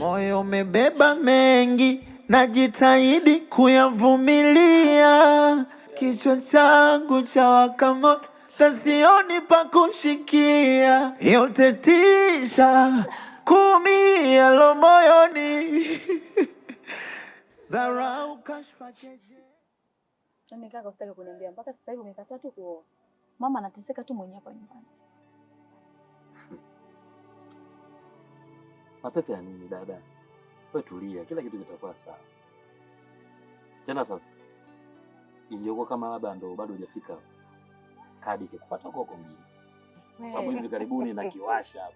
Moyo umebeba mengi, najitahidi kuyavumilia. Kichwa changu cha waka moto, tasioni pa kushikia. Yote tisha kumi lo moyoni dharau kashfa keje Nani kaka, usitaki kuniambia mpaka sasa hivi umekataa tu kuoa. Mama anateseka tu mwenyewe hapa nyumbani. Mapepe ya nini dada? Wewe tulia, kila kitu kitakuwa sawa. Tena sasa ingekuwa kama labda ndo bado hujafika kadi ikikufuata koko mimi. Kwa sababu hivi karibuni na kiwasha hapo.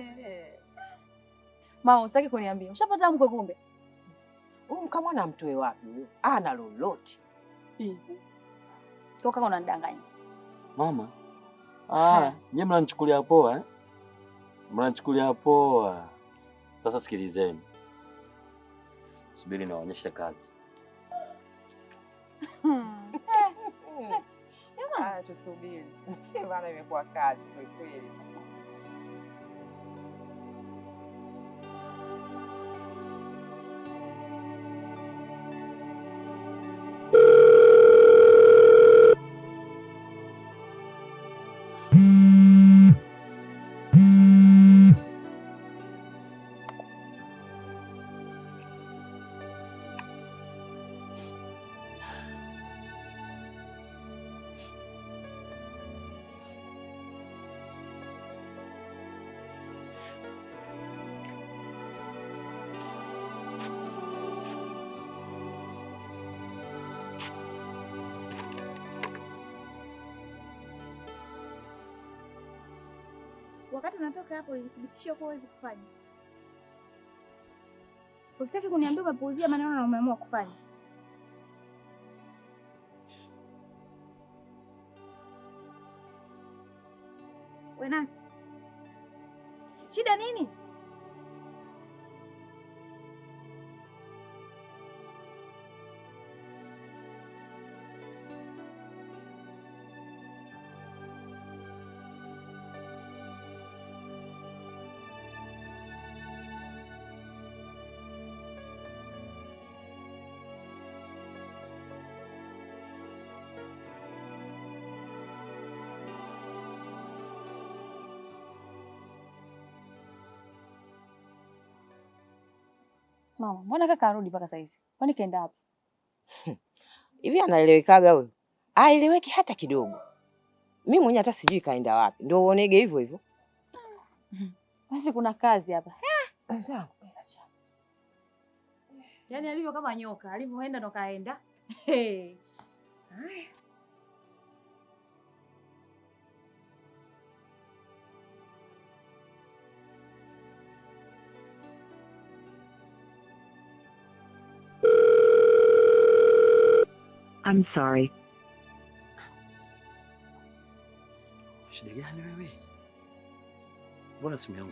Mama, usitaki kuniambia ushapata mkwe? Kumbe huyu kamwana mtoe wapi huyo? Ana lolote toka, unanidanganya mama. Ah, nyemla nichukulia poa eh? mnachukulia poa. Sasa sikilizeni, subiri naonyesha kazi hmm. tusubiri, maana imekuwa kazi kweli. wakati unatoka hapo ulithibitisha kuwa huwezi kufanya. Usitaki kuniambia umepuuzia maneno na umeamua kufanya. Wenasi, shida nini? Mama, mbona kaka arudi mpaka saizi? Kwani kaenda wapi? Hivi anaelewekaga huyu? Aeleweki hata kidogo. Mimi mwenyewe hata sijui kaenda wapi. Ndio uonege hivyo hivyo. Basi kuna kazi hapa. Sawa. Yaani alivyo kama nyoka, alivyoenda ndo kaenda. Haya. I'm sorry. Acho legal, né, velho? Bora assumir um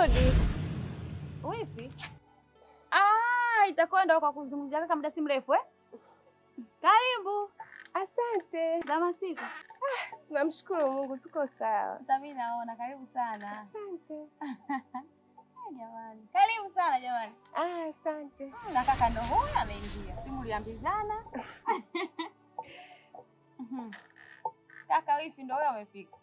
Rudi Vipi? Ah, itakuwa ndo kwa kuzungumzia kaka muda si mrefu eh? Karibu. Asante. Zama siku. Ah, tunamshukuru Mungu tuko sawa. mimi naona, karibu sana. Asante. Jamani. Karibu sana jamani. Ah, asante. Hmm, na kaka ndo huyo anaingia. Simu liambizana. Hmm. Kaka wifi ndo huyo amefika.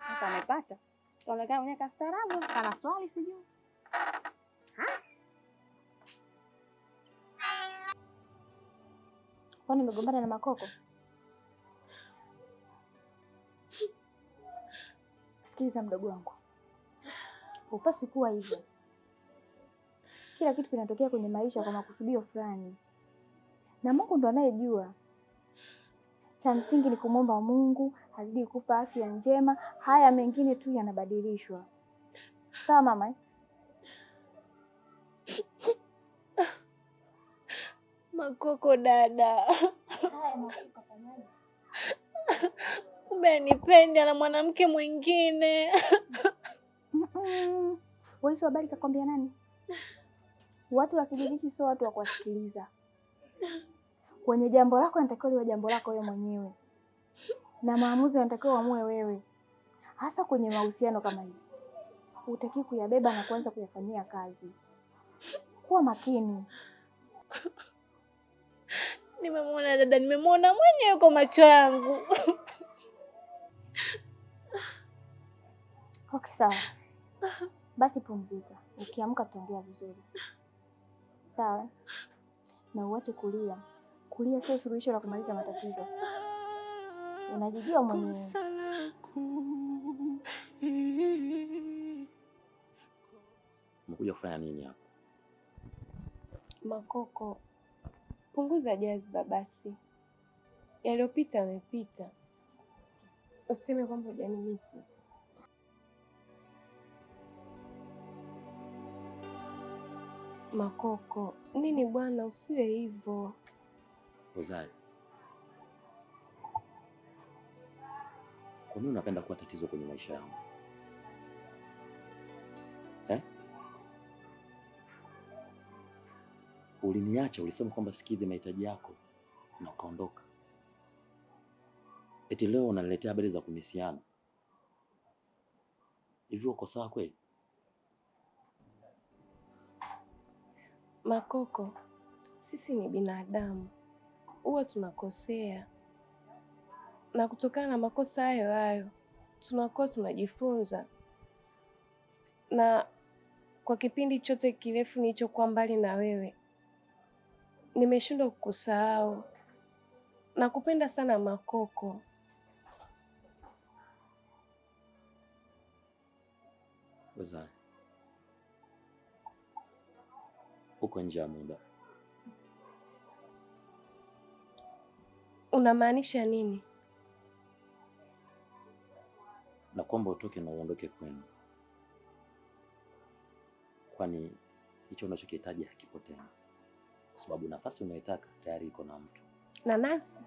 Sasa amepata kaonekana mwenyewe kastaarabu, kana swali sijui kwani nimegombana na Makoko. Sikiliza mdogo wangu, upasi kuwa hivyo. Kila kitu kinatokea kwenye maisha kwa makusudio fulani, na Mungu ndo anayejua. Cha msingi ni kumwomba Mungu azidi kukupa afya njema. Haya mengine tu yanabadilishwa. Sawa mama? Makoko dada, kumbe anipenda na mwanamke mwingine Waiso habari kakwambia nani? Watu wa kijiji sio watu wa kuwasikiliza kwenye jambo lako inatakiwa liwe jambo lako wewe mwenyewe, na maamuzi yanatakiwa uamue wewe, hasa kwenye mahusiano kama hivi. utaki kuyabeba na kuanza kuyafanyia kazi. Kuwa makini. Nimemwona dada, nimemwona mwenyewe kwa macho yangu. Okay, sawa basi, pumzika. Ukiamka tutaongea vizuri, sawa? Na uache kulia kulia sio suluhisho la kumaliza matatizo. Unajijua mwenyewe. Umekuja kufanya nini hapa? Makoko, punguza jazba basi. Yaliyopita yamepita, useme kwamba hujanimisi. Makoko, nini bwana, usiwe hivyo ukozaji? Kwa nini unapenda kuwa tatizo kwenye maisha yangu eh? Uliniacha, ulisema kwamba sikidhi mahitaji yako na ukaondoka, eti leo unaniletea habari za kumisiana hivyo? Uko sawa kweli Makoko? Sisi ni binadamu, huwa tunakosea, na kutokana na makosa hayo hayo tunakuwa tunajifunza. Na kwa kipindi chote kirefu nilichokuwa mbali na wewe, nimeshindwa kukusahau. Nakupenda sana Makoko. uko nje ya muda, Unamaanisha nini? Na kwamba utoke na uondoke kwenu, kwani hicho unachokihitaji hakipo tena, kwa sababu nafasi unayotaka tayari iko na mtu na nasi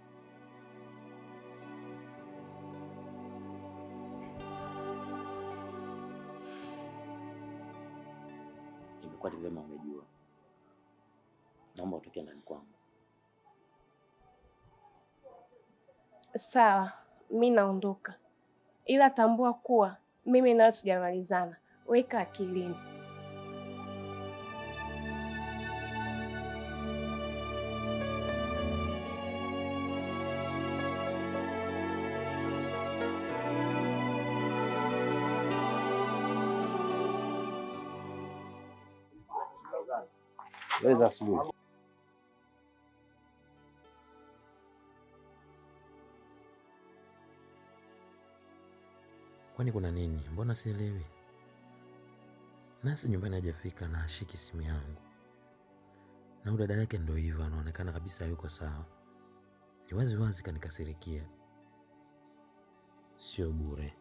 imekuwa ni vyema. Umejua, naomba utoke ndani kwangu. sawa, mi naondoka, ila tambua kuwa mimi nawe tujamalizana. Weka akilini. Weza asubuhi. Kwani kuna nini? Mbona sielewi? Nasi nyumbani hajafika na ashiki simu yangu, na dada yake ndio hivyo, anaonekana kabisa yuko sawa. Ni wazi wazi kanikasirikia. Sio bure,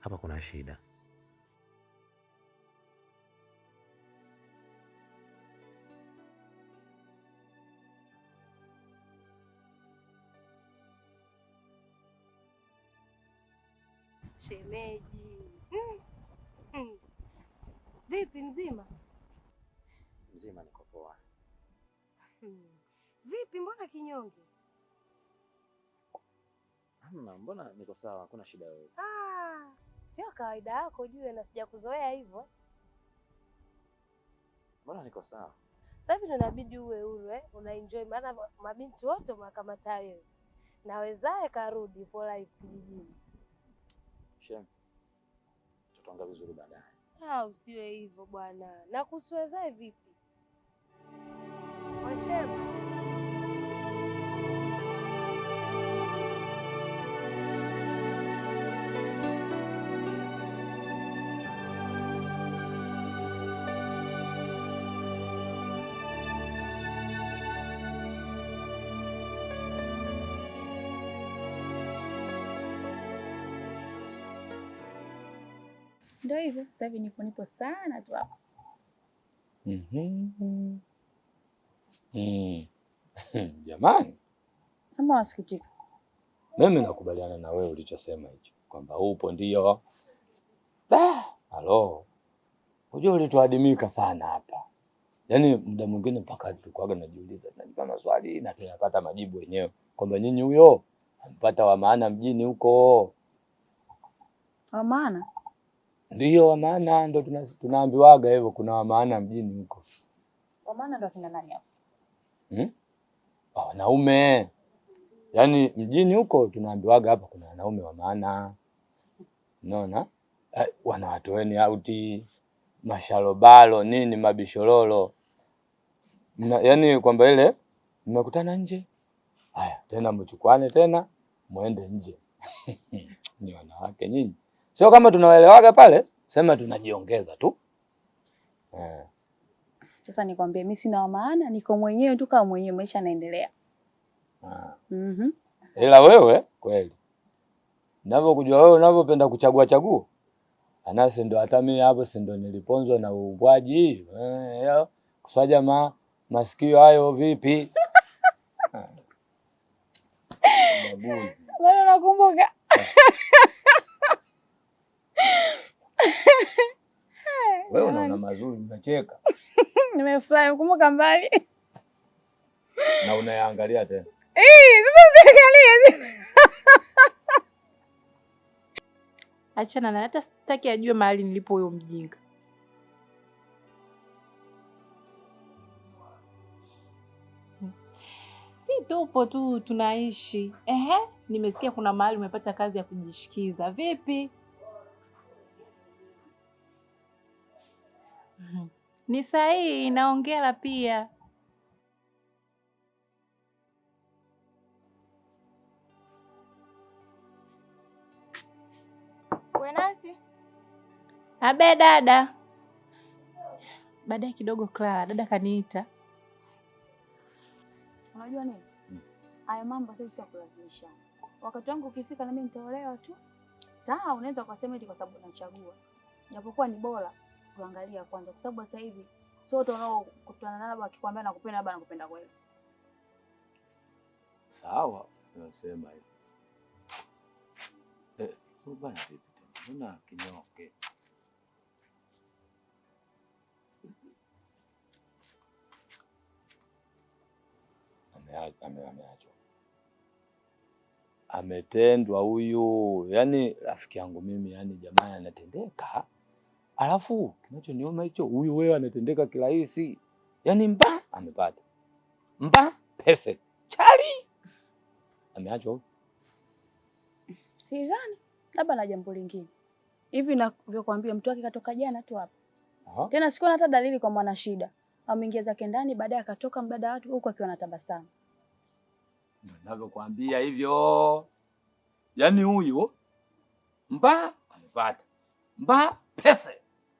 hapa kuna shida. shemeji. Mm. Mm. Vipi mzima? Mzima, niko poa. Hmm. Vipi, mbona kinyonge? Hamna, mbona niko sawa, hakuna shida yoyote. Ah, sio kawaida yako jue, na sijakuzoea hivyo. Mbona niko sawa sasa hivi, tunabidi uwe uwe eh? una enjoy, maana mabinti wote wamekamata wewe, nawezaye karudi pola kijijini Shem, tutaonga vizuri baadaye. Ah, usiwe hivyo bwana. Na vipi? Washem. Ndio hivyo sasa hivi nipo nipo sana tu hapo. Mm-hmm. Mm-hmm. Jamani, sema wasikitika. Mimi nakubaliana na wewe ulichosema hicho kwamba upo ndio. halo. hujua ulituadimika sana hapa. Yaani muda mwingine mpaka tulikuwa najiuliza najipa yaani maswali na tunapata majibu wenyewe kwamba nyinyi huyo ampata wa maana mjini huko. Wa maana? Ndio maana ndo tunaambiwaga hivyo kuna maana mjini huko. maana ndo kina nani hasa? Hmm? Wanaume. Yaani mjini huko tunaambiwaga hapa kuna wanaume maana Unaona? Eh, wanawatoeni auti masharobalo nini na, Yaani kwamba ile mmekutana nje. Haya, tena mchukwane tena muende nje. Ni wanawake nyinyi. Sio kama tunaelewaga pale, sema tunajiongeza tu. Eh. Sasa nikwambie mimi sina maana, niko mwenyewe tu kama mwenyewe, maisha yanaendelea. Ah. Mhm. Mm, ila wewe kweli. Ninavyokujua wewe unavyopenda kuchagua chaguo anasi ndo hata mimi hapo si ndo niliponzwa na uungwaji. Eh, kuswaja ma masikio hayo vipi? Bado nakumbuka. Ah. Wewe unaona mazuri, unacheka. Nimefurahi kumbuka mbali na unayaangalia tena. Eh, sasa usiangalie. Achana na hata sitaki ajue mahali nilipo huyo mjinga. Si tupo tu tunaishi. Ehe, nimesikia kuna mahali umepata kazi ya kujishikiza. Vipi? Mm-hmm. Ni sahihi na pia. Wenasi. Abe dada. Baadaye kidogo Clara, dada kaniita. Unajua nini? Mm. haya mambo sasa sio kulazimisha. Wakati wangu ukifika na mimi nitaolewa tu. Sawa, unaweza ukasema eti kwa sababu nachagua. Japokuwa ni bora kuangalia kwanza, kwa sababu sasa hivi sote unaokutana nao wakikwambia nakupenda, labda nakupenda kweli, sawa, nasema hivi eh, kinyonge? Ameachwa ametendwa huyu, yani rafiki yangu mimi, yani jamani, anatendeka Alafu kinachoniuma hicho, huyu wewe anatendeka kirahisi, yaani mba amepata mba pesa chali ameachwa. Sidhani, labda na jambo lingine hivi navyokwambia, mtu wake katoka jana tu hapa tena, sikuona hata dalili kwa mwana shida. Ameingia zake ndani, baadaye akatoka mdada watu huku akiwa anatabasamu. Ndio navyokwambia hivyo, yaani huyu mba amepata mba pesa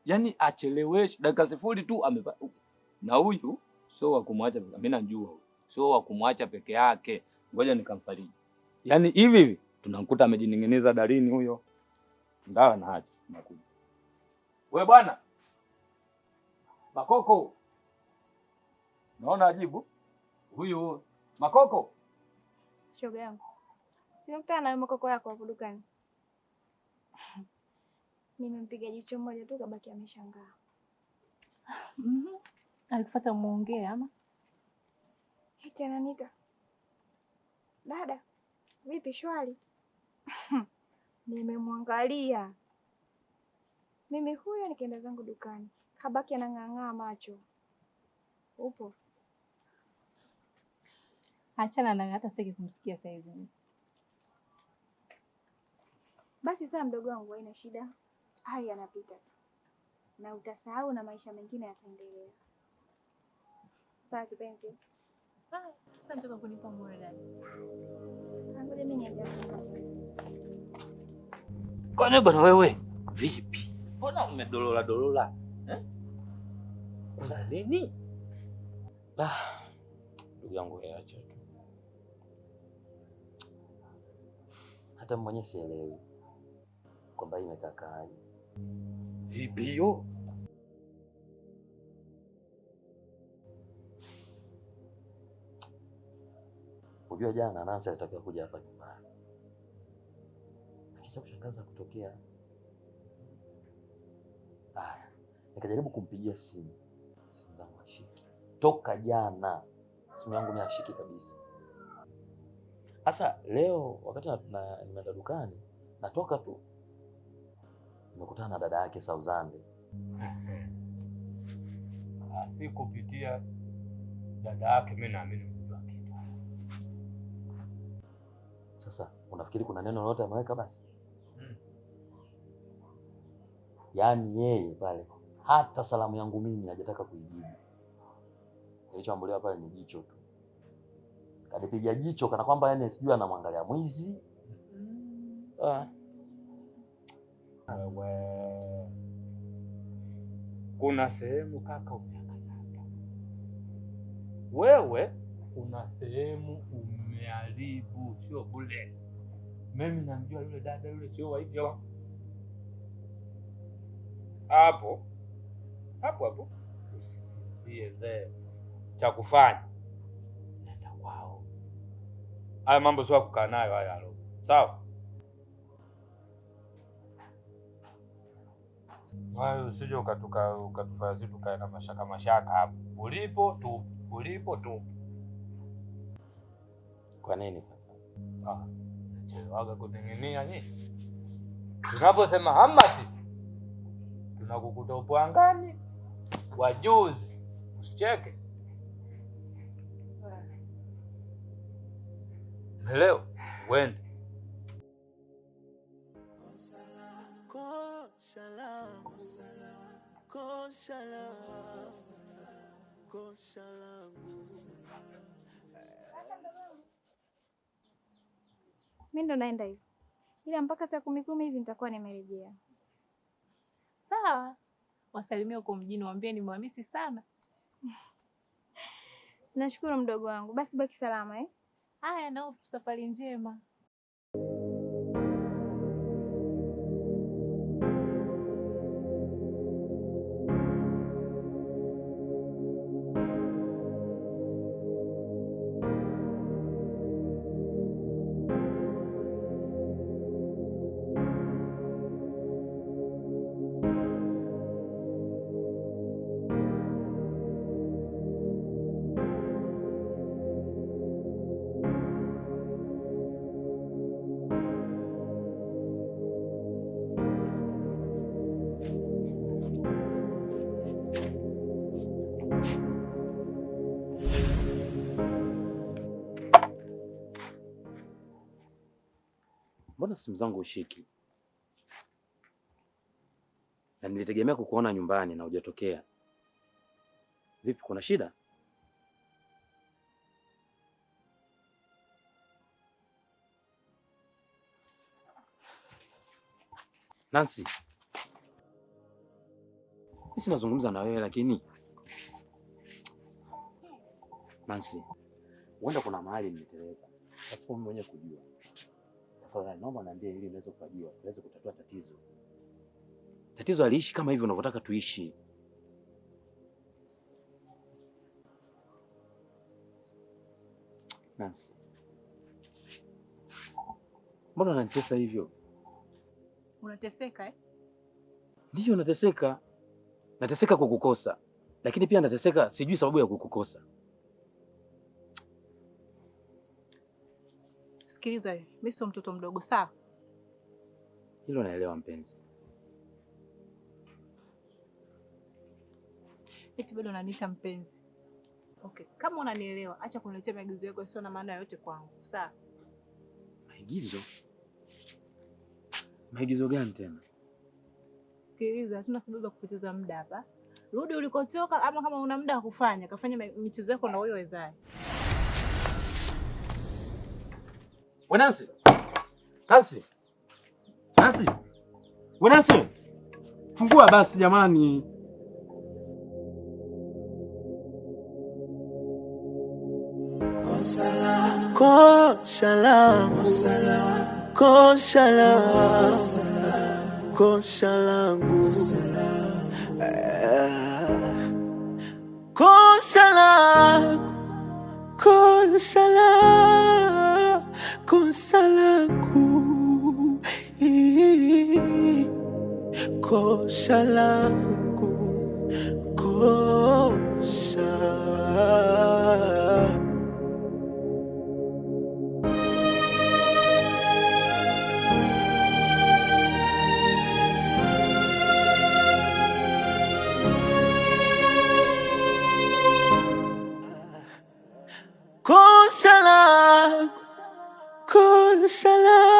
yani acheleweshe dakika sifuri tu amepa. Na huyu sio wa kumwacha, mimi najua huyu sio wa kumwacha peke yake, ngoja nikamfariji. Yani hivi hivi tunamkuta amejining'iniza darini huyo ndawa na haja nakuja. We bwana Makoko, naona ajibu huyu Makoko shoga yangu, simekutana na makoko yako hapo dukani Nimempiga jicho moja tu kabaki ameshangaa. mm -hmm. muongee ama eti ananita dada, vipi shwari? Nimemwangalia mimi huyo, nikaenda zangu dukani, kabaki anang'ang'aa macho. Upo? Achana na hata sitaki kumsikia saizi. Basi saa mdogo wangu, haina shida haya yanapita tu na utasahau na maisha mengine yataendelea. Sawa kipenzi? Ah, Asante kwa kunipa moyo dada. Kwani bwana wewe vipi? Mbona umedolola dolola eh? Kuna nini? Ah, Ndugu yangu acha tu, hata mwenyewe sielewi kwamba hii imekakaaje Vibio Unajua jana Nancy alitakiwa kuja hapa nyumbani, akicha kushangaza kutokea. Aya, nikajaribu kumpigia simu, simu zangu hashiki toka jana, simu yangu ni hashiki kabisa. hasa leo wakati nimeenda dukani, natoka tu nimekutana na dada yake Sauzande. Ah, si kupitia dada yake, mimi naamini mjua kitu. Sasa unafikiri kuna neno lolote ameweka basi? Hmm. Yaani yeye pale hata salamu yangu mimi hajataka kuijibu. Kilichoambuliwa pale ni jicho tu, kanipiga jicho kana kwamba yani sijui anamwangalia mwizi. Hmm. Ah. Wewe ah. kuna sehemu kaka umeakanyaga, wewe kuna sehemu umeharibu, sio bule. Mimi namjua yule dada yule, sio wa hivyo hapo hapo hapo. Usisinzie zee, cha kufanya nenda kwao. Haya mambo sio kukaa nayo haya, halo sawa Wewe usije ukatuka ukatufanya sisi tukae na mashaka mashaka hapo. Ulipo tu ulipo tu. Kwa nini sasa? Ah. Waga kuning'inia nini? Tunaposema hamati tunakukuta upwangani wajuzi, usicheke. Leo wende kosha langu, kosha langu. ndo naenda hivi, ila mpaka saa kumi kumi hivi nitakuwa nimerejea. Sawa, wasalimia huko mjini, waambie nimwamisi sana. Nashukuru mdogo wangu, basi baki salama eh? Haya, nao safari njema. mbona simu zangu ushiki? Na nilitegemea kukuona nyumbani na hujatokea. Vipi, kuna shida? Nancy, mimi sinazungumza na wewe lakini Nancy, huenda kuna mahali nimetereka pasipo mimi mwenyewe kujua tafadhali naomba niambie ili niweze kujua, niweze kutatua tatizo. Tatizo aliishi kama hivi unavyotaka tuishi. Nancy, mbona unanitesa hivyo? Unateseka eh? Ndiyo nateseka, nateseka kukukosa, lakini pia nateseka sijui sababu ya kukukosa Sikiliza, mimi sio mtoto mdogo, sawa? Hilo naelewa mpenzi. Eti bado unaniita mpenzi? Okay, kama unanielewa, acha kuniletea maigizo yako sio na maana yote kwangu, sawa? Maigizo? Maagizo gani tena? Sikiliza, hatuna sababu ya kupoteza muda hapa. Rudi ulikotoka, ama kama una muda wa kufanya, kafanya michezo yako na wewe wezaye. We Nancy. Nancy. Nancy. We Nancy. Fungua basi jamani. Koshala. Koshala. Kosha langu. Kosha langu. Kosha langu kosa langu, kosa langu salam.